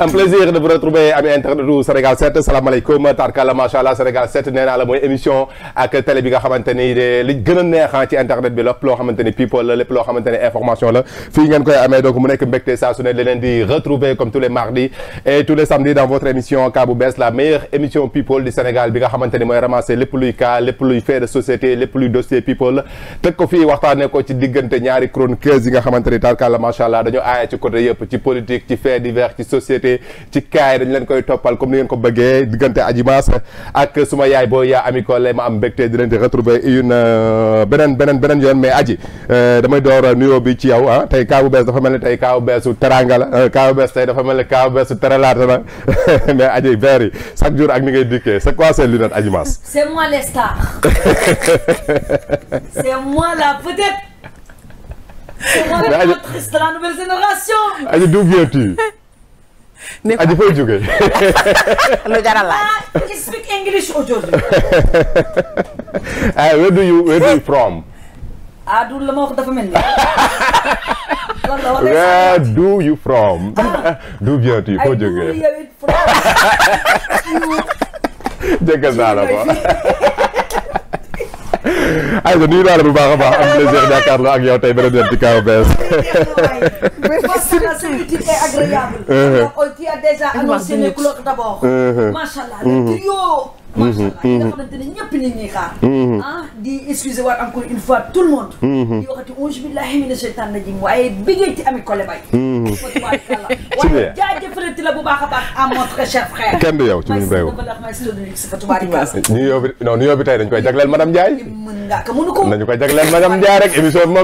un plaisir de vous retrouver ami internet du Sénégal 7 salaamaaleykum tarkala macha allah Sénégal 7 nee la mooy émission ak télé bi nga xamante ni li gën a neex ah, ci internet bi lépp loo xamante people la lépp loo information la fii ngeen koy amee donc mu nekk mbégte saa su ne di leen comme tous les mardis et tous les samedis dans votre émission Cas bu bees la meilleure émission people du Sénégal bi nga xamante mooy ramasser lépp invité ci kaay dañ leen koy toppal comme ni ngeen ko bëggee diggante Adji Mass ak ma yaay boo yaa amicole ma am mbégte di leen di retrouver une euh, beneen beneen beneen yoon mais Adji euh, damay door nuyoo bi ci yow ah tey kaa bu bees dafa mel ni tey kaa bu beesu teranga la euh, kaa dafa mel ni kaa bu beesu teralaata la mais Adji verre yi chaque jour ak ni ngay dikkee c'est quoi ces lunettes Adji Mass c'est moi les stars c'est moi là peut-être C'est moi la nouvelle génération. Allez, d'où a laaj. Ah, eh, where do you from. do bien tu foo jógee. ay du yow it from. Ah. aywa nuyu naa la bu baax a baax am plaisir jàkkaarloo ak yow tey beneen yoon ci kaw bees. agréable. Uh-huh. On t'a déjà annoncé les couleurs d'abord. Uh-huh. Machallah, uh-huh. le trio. Mhm, mhm. xamante ne ñëpp nit ñi xaar mhm. ah di excuser waat encore une fois tout le monde di waxati auzu billahi mina sheytaan rajim waaye bay waaye jaajëfalati la bu baax a baax à mon yow ci muñu béyoo bi non ñu yow bi tey dañ koy jagleel madame Ndiaye mën nga ko mënu ko nañu koy jagleel madame Ndiaye rek émission bi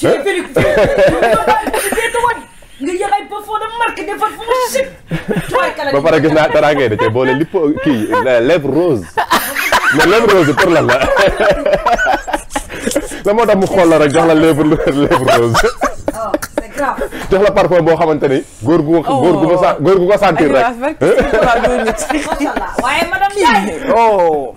foo ba pare gis naa dara ngay da cee boole lipp kii lèvre rose. mais lèvre rose pour lan la. la moo tax mu xool la rek jox la lèvre rose. Oh, jox la parfum boo xamante ni góor gu oh, góor gu ma oh, góor gu ko sentir rek. waaye madame Ndiaye. oh.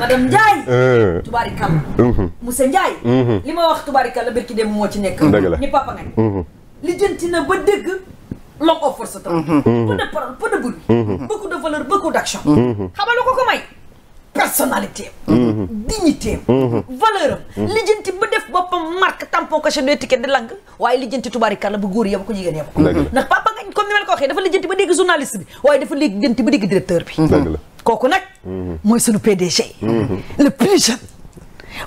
madame Ndiaye. Euh. tubaarikàlla. Mm-hmm. monsieur mm-hmm. li ma wax tubaarikàlla barki dem moo ci nekk. dëgg la ni papa nga. Mm-hmm. lijjanti na ba dëgg. l'homme aux forces trop. Mm-hmm. peu de parole peu de bruit. Mm-hmm. beaucoup de valeur beaucoup d'action. Mm-hmm. xamal ko ko may. personnalité am. dignité am. valeur am. lijjanti bu góor yam ko jigéen yam ko. ndax papa nga comme ni ko waxee dafa lijjanti ba dégg journaliste bi waaye dafa lijjanti ba kooku nag. mooy sunu PDG. le plus jeune.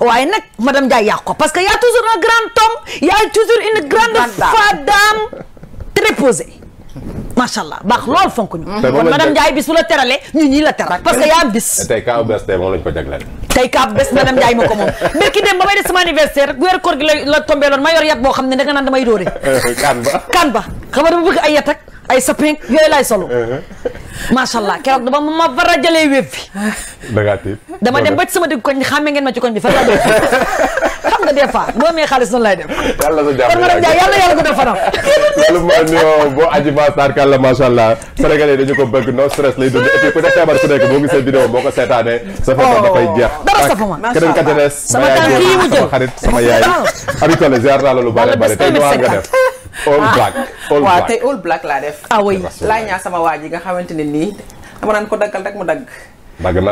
waaye nag madame Ndiaye yaa ko parce que y' a toujours un grand homme y' a toujours une grande femme très posée. macha allah baax lool fonk ñu. kon madame bis bu la terale ñu ñii la teral parce que yaa bis. tey Kaaw bés tey moom lañ ko jagleel. tey Kaaw bés madame Ndiaye ma ko moom. mbirki dem ba may def sama anniversaire weer gi la la tombé loon ma ne danga naan damay dóore. kan ba kan ba xam nga ay yat ak ay solo. Uh-huh. macha allah dama ma fara jëlee wéb dama dem ci sama digg koñ bi xàmme ngeen ma ci koñ bi fa laa xam nga des fois boo mee xaalis noonu lay def. yàlla sa jàmm yàlla jaay yàlla yàlla ko def fanam. loolu mooy nuyoo boo aji ba tarkalla macha allah sénégalais dañu ko bëgg no stress lay dund et puis ku def feebar ku nekk boo gisee vidéo boo ko seetaanee. sa feebar dafay jeex. Oh, dara safuma macha allah keneen ka sama tànk yi ah. naa la lu bare bare tey noir nga def. Ah. all black laa def. ah oui ñaa sama waa ji nga xamante ne nii dama naan ko daggal rek mu dagg dagg na oh.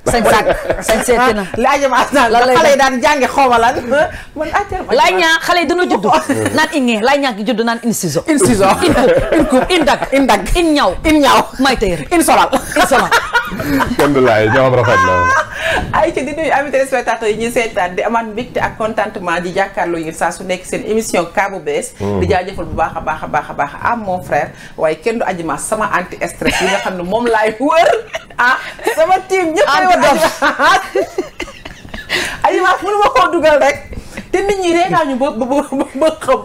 ma naan lan lay xale yi daan jànge xoomalan. man atel ma laaj ñaa xale yi dañoo judd. naan inge laaj ñaa ki judd naan in ciseau. in ciseau in coupe in coupe in dagg. in dagg in ñaw in ñaw. in solal in solal. ay ci di nuyu amis téléspectateurs yi ñu seetaan di amaat mbégte ak contentement di jàkkaarloo ngir saa su nekk seen émission Cas bu bees mm. di jaajëfal bu baax a baax a baax am ah, mon frère waaye kenn du ajima sama anti stress yi nga xam ne moom laay wër ah sama team ñëpp ay wër ajima mënu ma koo dugal rek te nit ñi reetaa ñu ba ba ba xam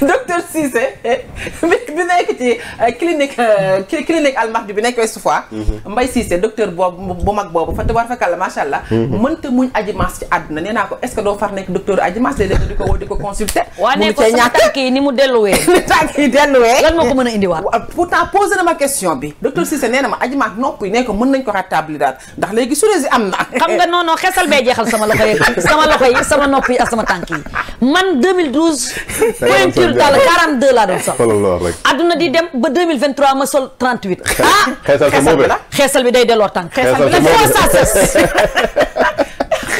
docteur Cissé bi nekk ci euh, clinique euh, clinique bi nekk Ouest Foire mhm. Mbaye Cissé boobu mag boobu fa tabaar fakal la macha allah. Mhm. mënta muñ aji ci àdduna nee ko est-ce far nekk docteur aji mas léeg di ko woo di ko consulter. mu cee ma question nopp yi nee mën nañ ko rétablir daal ndax léegi surési am na. xam nga non xesal bee jeexal sama loxo yi sama nopp yi ak sama tànk yi man du daal 42 laa doon sol. xoolal lool rek. adduna di dem ba 2023 ma sol 38. ah xeesal bi la xeesal bi day delloo tànk. xeesal bi la foo saa sës.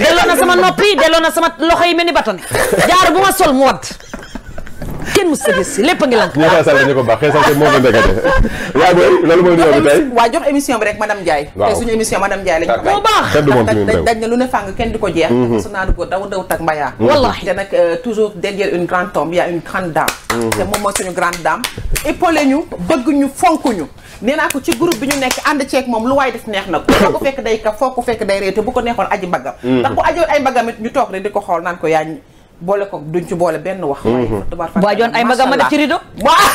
delloo na sama noppi delloo na sama loxo yi mel ni batane jaar bu ma sol mu kenn mu sa gis lépp a ngi lank. ñu ko baax xeesal te moo fa ndekete. yaa booy loolu mooy nuyoo bi tey. waa jox émission bi rek madame Ndiaye. waaw tey suñu émission madame ñu ko baax. kenn du moom tamit dañ ne lu ne di ko jeex. Mm-hmm. su mm-hmm. euh, y a mm-hmm. nee neex na ko foo ko fekk day ka foo ko fekk day réew te bu ko neexoon aji mbaggam ndax bu ajoon ay mbaggam ñu toog rek di ko xool naan ko yaa boole ko duñ ci boole benn wax. Mhm. waaye joon ay magam ma def ci rido. waaw.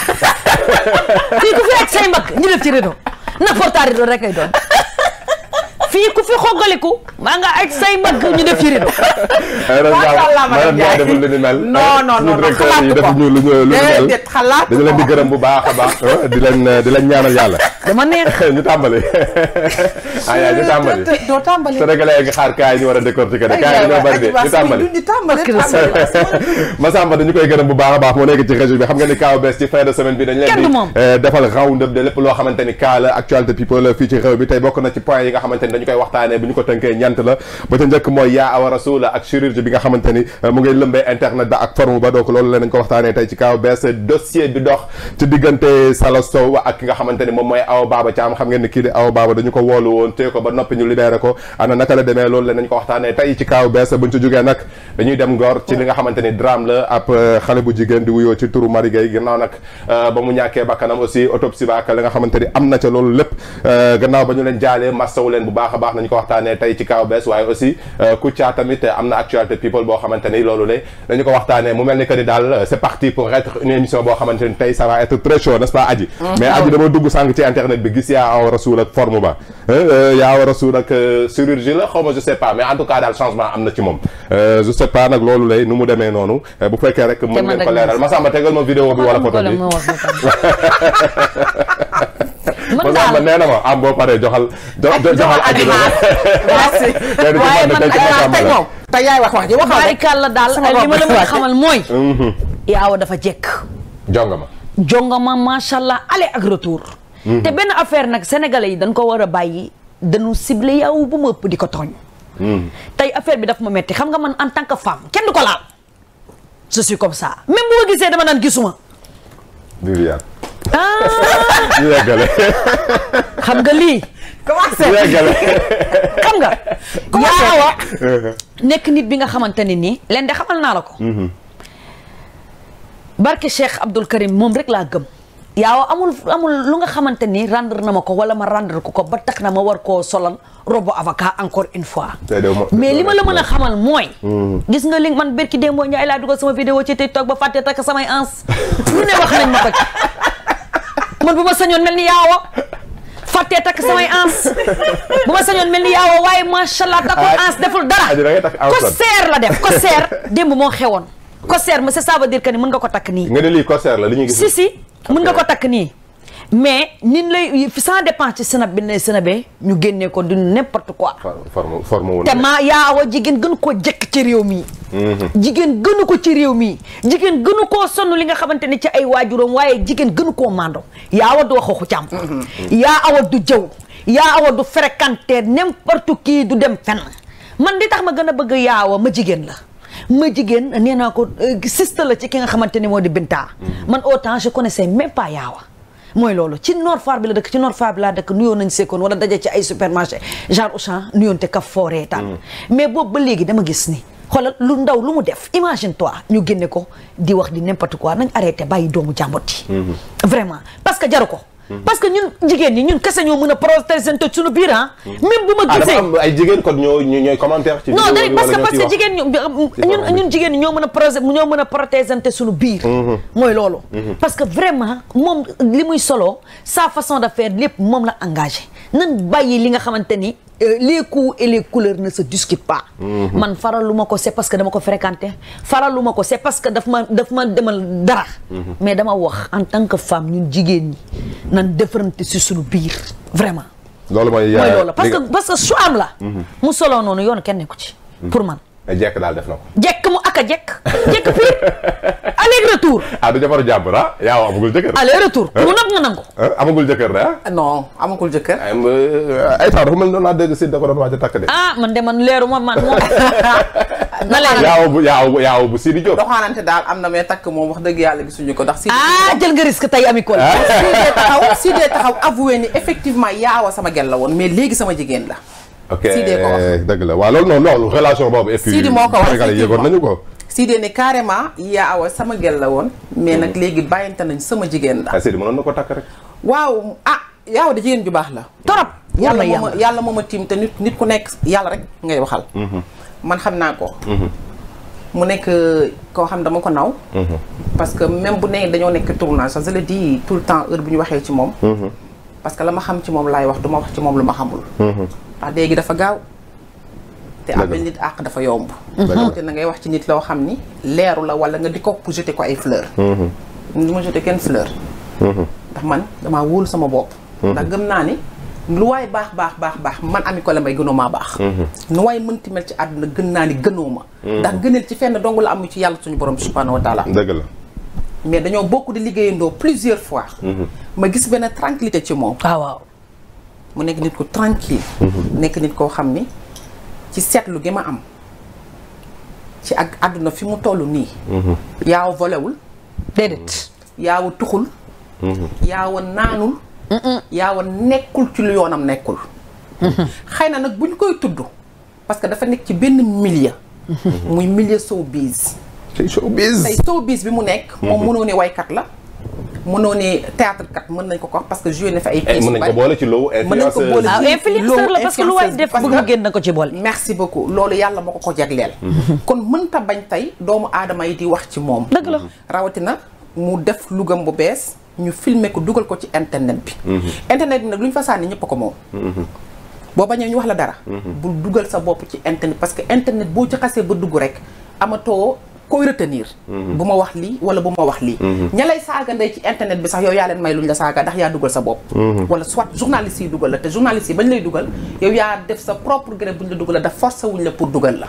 fii ku fi ak say mag ñu def ci rido na portaari rido rek lay doon. fii ku fi xogaliku maa nga aj say mag ñu def ci rido. non non non xalaatu ko déedéet xalaatu ko dañu leen di gërëm bu baax a baax di leen di leen ñaanal yàlla. dama neex ñu tàmbali. ah yaa ñu tàmbali doo tàmbali. Sénégalais nga xaar kaay ñu war a décortiquer de kaay ñoo bari de ñu tàmbali. Massamba dañu koy gërëm bu baax baax moo nekk ci région bi xam nga ni kaaw bees ci fin bi dañ eh, bokk na ci point yi nga xamante ni koy waxtaanee bu ñu ko tënkee ñant la ba ca njëkk mooy yaa awa rasul ak chirurgie bi nga xamante eh, mu ngi lëmbee internet ba ak forme ba donc loolu la nañ ko waxtaanee tey ci kaaw bees dossier bi dox ci diggante Awa Baba Thiam xam ngeen ni kii di Awa Baba dañu ko woolu woon téye ko ba noppi ñu libéré ko ana naka la demee loolu la nañ ko waxtaanee tey ci kaaw bees buñ ci jógee nag dañuy dem Ngor ci li nga xamante ni drame la euh, bu euh, ba la nga loolu euh, leen jaalee a baax nañ ko waxtaanee tey ci kaaw bees waaye aussi Kouthia tamit am na actualité people boo xamante ni loolu le dañu ko waxtaanee mu mel ni que ni daal c'est parti pour être une émission boo xamante ni tey ça va être nest pas Adji mm-hmm. mais Adji dama dugg sànq ci internet internet bi gis yaa aw rasul ak forme ba eh, eh, yaa aw rasul ak eh, chirurgie la xaw ma je sais pas mais en tout cas daal changement am na ci moom je sais pas nag loolu lay nu mu demee noonu bu fekkee rek mën ngeen ko leeral tegal ma vidéo bi wala photo bi mën naa ma am boo paree joxal. ma merci waaye man tey moom te yaay wax wax ji waxal barikàlla daal li ma la mën a xamal mooy. Mhm. yaaw dafa jekk. jongama. jongama macha allah aller Mhm. te benn affaire nag sénégalais yi dañ ko war a bàyyi dañu ciblé yow bu ma ëpp di ko tooñ. Mhm. tey affaire bi dafa ma metti xam nga man en tant que femme kenn du ko laal. je suis comme ça même bu gisee dama naan gisuma. Ah. xam nga lii. commencé nga. commencé yaa nekk nit bi nga xamante ne nii. leen de xamal naa la ko. Mhm. barke Cheikh Abdoul Karim moom rek laa gëm. yaaw amul amul lu nga xamante ni rendre na ma ko wala ma rendre ko ko ba tax na ma war koo solal robo avocat encore une fois mais li ma la mën a xamal mooy mm. gis nga li man berki dé moo ñaay laa dugal sama vidéo ci TikTok ba fàtte takk samay ans lu ma ko man bu ma sañoon mel ni yaawa fàttee takk samay ans bu ma sañoon mel ni yaawa waaye macha allah takkul ah. ans deful dara ah, ko seer la def ko seer démb moo xewoon ko seer mais c'est ça veut dire ni mën nga ko takk nii nga ne lii ko seer la lu ñu gis si si mën nga ko takk nii mais nin lay sans dépense ci sënab bi ne ñu génnee ko du n'importe quoi te maa yaawa jigéen gënu ko jëkk ci réew mi mhm. jigéen gënu ko ci réew mi jigéen gënu koo sonn li nga xamante ne ci ay waajuróom waaye jigéen gënu koo mando yaawa du wax waxu càmm mhm. Mhm. yaa awa du jëw yaa awa du fréquenter n'importe qui du dem fenn man li tax ma gën a bëgg yaawa ma jigéen la ma jigéen nee naa ko euh, siste la ci ki nga xamante ni moo di Binta. Mm. man autant ko connaissais même pas Yaawa. mooy loolu ci Nord Foire bi la dëkk ci Nord Foire bi laa dëkk nuyoon nañ sekkoon wala daje ci ay supermarché genre Auchan nuyoon te ka fooree taal. Mm. mais boobu ba léegi dama gis ni. xoolal lu ndaw lu mu def imagine toi ñu génne ko di wax di n'importe quoi nañ arrêté bàyyi doomu jàmbot yi. Mm-hmm. vraiment parce que jaru ko. parce que ñun jigéen ñi ñun kase ñoo mën a protéger seen toj suñu biir ah. même bu ma ah, gisee dafa am ay jigéen kon ñoo ñooy commentaire. ci ñun jigéen ñi ñoo mën a protéger ñoo mën a protéger suñu biir. Mhm. mooy loolu. Mhm. parce que vraiment moom li muy solo sa façon de faire lépp moom la engagé nan bàyyi li nga xamante ni. Euh, les goûts et les couleurs ne se discutent pas. Mhm. man faralu ma ko c'est parce que dama ko fréquenter faralu ma ko c'est parce que dafa ma daf demal dara. mais dama wax en tant que femme ñun jigéen ñi. nan defarante si sunu biir vraiment. loolu mooy yaay mooy loolu parce que su am la. Mhm. mu solo noonu yoonu kenn ne ko ci. Mhm. pour man. Eh, jekk daal def na ko. jekk mu ak a jekk. jekk a aller retour. ah du jabaru jàmbur ah yow a jëkkër. aller retour pour nag nga nangu. amagul jëkkër de ah? ah, non amagul ay ah, temps euh, dafa mel noonu laa dégg si da ko doon a takk de. ah man de man leeru ma man moom. na leen yaaw bu yaaw bu yaaw bu Sidi Diop doxaanante daal am na mais takk moom wax dëgg yàlla gisuñu ko ndax Sidi ah jël nga risque tey ami kol ah. Sidi taxaw Sidi taxaw avoué ni effectivement yaawa sama gel la woon mais léegi sama jigéen la ok Sidi ko wax dëgg la waaw loolu noonu loolu relation boobu et puis Sidi moo ko wax Sénégal nañu ko Sidi ne carrément yaawa sama gel la woon mais nag mm-hmm. léegi bàyyante nañ sama jigéen la ah, Sidi mënoon na ko takk rek waaw ah yaawa da jigéen ju baax la mm-hmm. torop yàlla yàlla mooma yàlla tiim te nit nit ku nekk yàlla rek ngay waxal mm-hmm. man xam naa ko. Mhm. mu nekk koo xam dama ko naw. Mhm. parce que même bu nee dañoo nekk tournage sax je le dis tout le temps heure bu ñu waxee ci moom. Mhm. parce que la ma xam ci moom laay wax du ma wax ci moom lu ma xamul. ndax léegi dafa gaaw. te amel nit àq dafa yomb. na ngay wax ci nit loo xam ni leeru la wala nga di ko jeté ko ay fleur. du ma jeté kenn fleur. ndax man damaa wóolu sama bopp. ndax gëm naa ni. lu waay baax baax baax baax man Amy Collé Mbaye gënoo maa baax. Mhm. nu waay mënti mel ci àdduna gën naa ni gënoo ma. Mhm. ndax gëneel ci fenn dong la amu ci yàlla suñu borom subhaanahu wa taala. la. mais dañoo bokk di liggéeyandoo plusieurs fois. Mhm. ma gis benn tranquillité ci moom. Ah, waaw mu nekk nit ku tranquille nekk nit koo xam ni ci seetlu gi ma am ci ak àdduna fi mu toll nii. yaaw volewul déedéet. yaaw tuxul. yaaw naanul. yaawa nekkul ci lu yoonam nekkul. Mm-hmm. xëy na nag buñ koy tudd parce que dafa nekk ci benn milieu. Mm-hmm. muy milieu showbiz. tey showbiz tey showbiz bi mu nekk. moom mm-hmm. mënoo ne waykat la. mënoo ne théâtre kat mën nañ ko ko wax parce que joué na fa ay. Eh, pièces mën nañ ko boole ci lowu ah, influenceur lu waay def bëgg mu génn ko ci boole. merci beaucoup loolu yàlla moo ko ko jagleel. kon mënta bañ tey doomu aadama yi di wax ci moom. dëgg la rawatina mu def lugam bu bees. ñu filmer ko dugal ko ci internet bi. Mhm. internet bi nag lu ñu fa sànni ñëpp ko moom. Mhm. boo bañee ñu wax la dara. Mhm. bul dugal sa bopp ci internet parce que internet boo ci xasee ba dugg rek amatoo koy retenir. bu ma wax lii wala bu ma wax lii. ña lay saaga ndey ci internet bi sax yow yaa leen may luñ la saaga ndax yaa dugal sa bopp. wala soit journaliste yi dugal la te journaliste yi bañ lay dugal yow yaa def sa propre gré buñ la dugal la daf forcé wuñ la pour dugal la.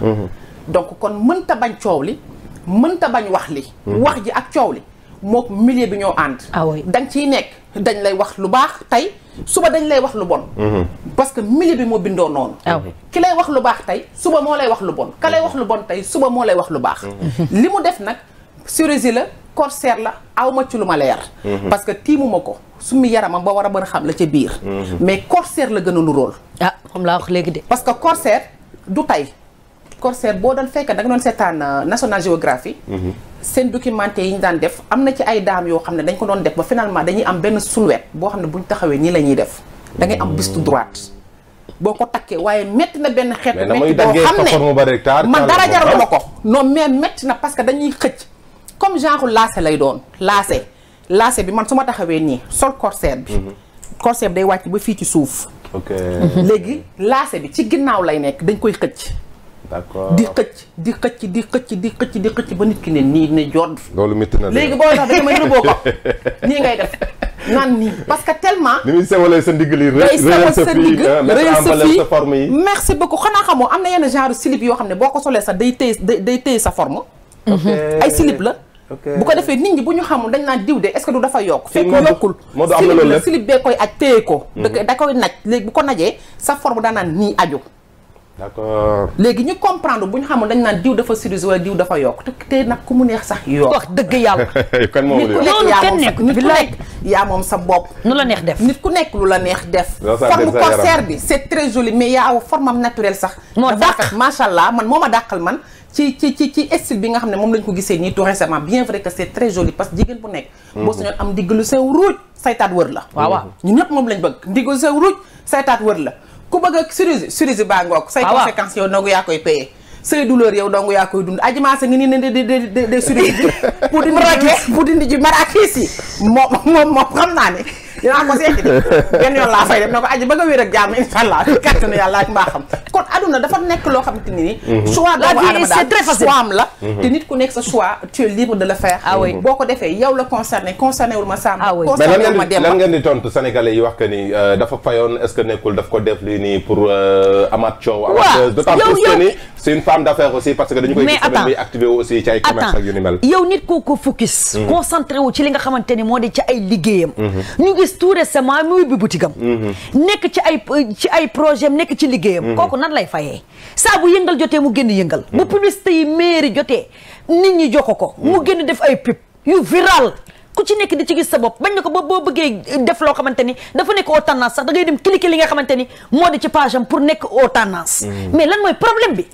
donc kon mënta bañ coow li mënta bañ wax li. wax ji ak coow li. mook milieu bi ñoo ànd. ah oui ciy nekk dañ lay wax lu baax tey suba dañ lay wax lu bon. Mhm. parce que milieu bi moo bindoo noonu. Ah ki lay wax lu baax tey suba moo lay wax lu bon ka lay wax lu bon tey suba moo lay wax lu baax. Mhm. li mu def nag chirurgie la corsaire la aw ma ci lu ma leer. Mhm. parce que tiimuma ko summi yaramam ba war a mën a xam la ca biir. mais corsaire la gën a lu rôle. ah comme laa wax léegi de. parce que corsaire du tey. corsaire boo doon fekk da nga doon seetaan euh, National Geographic mhm. seen documentaire yi ñu daan def am na ci ay daam yoo xam ne dañ ko doon def ba finalement dañuy am benn silhouette boo xam ne buñ taxawee nii la ñuy def da ngay am buste droite boo ko takkee waaye métti na benn xeetu métti boo xam ne man dara jaralu ma ko non mais metti na parce que dañuy xëcc comme genre lacet lay doon laase lacet bi man su ma taxawee nii sol corsaire bi mhm. corsaire bi day wàcc ba fii ci suuf léegi lacet bi ci ginnaaw lay nekk dañ koy xëcc d'accord di xëcc di xëcc di xëcc di xëcc di xëcc ba nit ki ne nii ne jot. loolu métti na léegi boo tax da may rëbboo ko nii ngay def naan nii parce que tellement. ni muy sewalee sa ndigg li réyal sa fii ah, réyal sa fii forme yi. yoo xam ne boo ko solee sax day téye day téye sa form mhm. ay slip la. bu ko defee nit ñi bu ñu xamul dañ naan diw de est-ce que du dafa yokk fekk yokkul silib la silib bee koy aj téye ko mhm. da koy naj léegi bu ko najee sa forme daanaan naan nii aju d'accord léegi ñu comprendre bu ñu xamoon dañ naan diw dafa sudis wala diw dafa yokk te tey nag ku mu neex sax yokk wax dëgg yàlla kan moom nekk nit ku nekk yaa moom sa bopp nu la neex def nit ku nekk lu la neex def forme concert bi c'est très joli mais yaa aw forme am naturelle sax moo dàq macha allah man moo ma dàqal man ci ci ci ci style bi nga xam ne moom lañ ko gisee nii tout récemment bien vrai que c'est très joli parce jigéen bu nekk mhm. boo sañoon am ndigg lu sew ruuj saytaat wër la waaw moom lañ bëgg ndigg lu sew ruuj wër la ku bëgg a cerise cerise baa ngoog say conséquences yow nangu yaa koy paye say douleur yow dong yaa koy dund ajimaase ngi nii ne de de de de cerise bi pour dindi ji pour dindi ji marakiis yi moom moom moom xam naa ne dinaa ko seeti de benn yoon laa fay dem ne aji ba nga wér ak jàmm incha allah kàttanu yàlla ak mbaaxam kon aduna dafa nekk loo xamante ni nii mhm. choix doomu aadama daal choix am la mhm. te nit ku nekk sa choix tu es libre de le faire ah boo ko defee yow la concerné concerné wul ma sàmm ah concerné wul ma dem lan ngeen di tontu sénégalais yi wax que ni euh, dafa fayoon est-ce nekkul daf ko def lii nii pour euh, amaat coow amaat d'autant plus c'est une femme d'affaires aussi parce yow nit koo ko focus. Mhm. ci li nga xamante ne moo di ci ay liggéeyam. Mhm. ñu gis tout récemment muy bi boutique am. Mhm. nekk ci ay ci ay projet am nekk ci liggéeyam. kooku nan lay fayee saa bu yëngal jotee mu génn yëngal. bu publicité yi mairie jotee nit ñi jox ko mu génn def ay pub yu viral. ku ci nekk di ci gis sa bañ na ko ba boo bëggee def loo xamante ni dafa nekk aux sax da ngay dem cliquer li nga xamante ni moo di ci page am bi.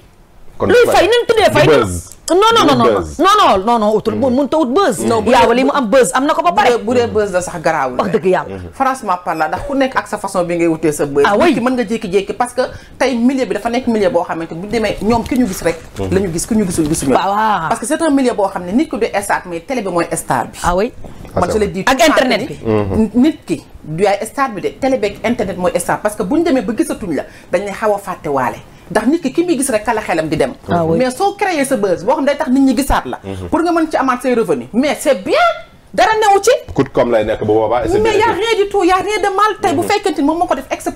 luy fay nañ tuddee fay non non non non non non non utul mun mun ta wut buzz mm. mm. yaawa li mu am buzz am na ko ba pare bu dee buzz la sax garaawul wax dëgg yàlla mm-hmm. franchement parlant ndax ku nekk ak sa façon bi ngay wutee sa buzz ah oui mën nga jékki-jékki parce que tey milieu bi dafa nekk milieu boo xamante bu demee ñoom ki ñu gis rek mm-hmm. la ñu gis ku ñu gisul gisuñu waaw parce que c'est un milieu boo xam ne nit ko du star mais télé bi mooy star bi ah oui ah, man je le dis ak internet bi mm-hmm. nit ki du yaay star bi de télé bi ak internet mooy star parce que buñ demee ba gisatuñ la dañ lay xaw a fàtte waale ndax nit ki ki gis rek kala xelam di dem ah mais soo créé sa buzz boo xam day tax nit gisaat la mhm. pour nga mën ci amaat say revenu mais c'est bien dara newu ci mais y a rien tout y a rien mal tey bu mhm. fekkente ni moom moo ko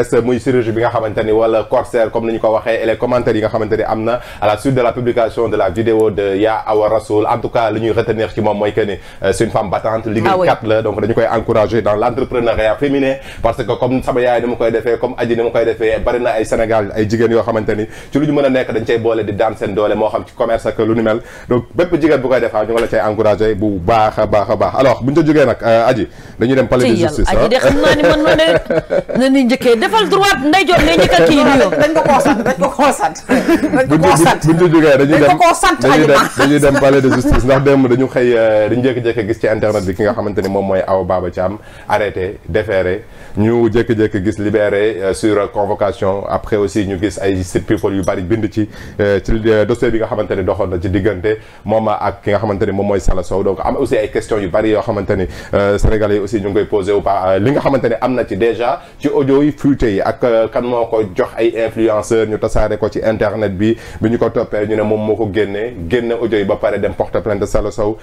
presse muy chirurgie bi nga xamante ni corsaire comme yi nga xamante am na à la suite de la publication de la vidéo de Ya Awa Rassoul en tout cas li ñuy retenir ci moom mooy que ni euh, c'est une femme battante ah liggéeykat la donc dañu koy encourager dans l'entrepreneuriat féminin parce que comme sama yaay ni mu koy defee comme aji ni mu koy defee bari ay Sénégal ay jigéen yoo xamante ci lu ñu mën a nekk dañ cay boole di daan doole moo xam ci commerce defal droite ndeyjoor ne ñëkk a kii nuyoo. dañ ko ko koo sant. dañ dem dañuy dem dañuy dem palais de justice ndax dem dañu xëy euh, dañu jékki-jékki gis ci internet bi ki nga xamante ni moom mooy Awa Baba Thiam arrêté déféré ñu jékki gis libéré euh, sur convocation après aussi ñu gis ay site people yu bari bind ci euh, ci dossier bi nga xamante ni doxoon na ci diggante moom ak ki nga xamante ni moom mooy Sala Sow donc am aussi ay question yu bari yoo xamante ni Sénégalais yi aussi ñu ngi koy posé ou pas li nga xamante ni am na ci déjà ci audio yi recruter yi ak euh, kan moo ko jox ay influenceur ñu tasaare ko ci internet bi bu ñu ko toppee ñu ne moom moo ko génnee génne audio yi ba pare dem porte de Salo saw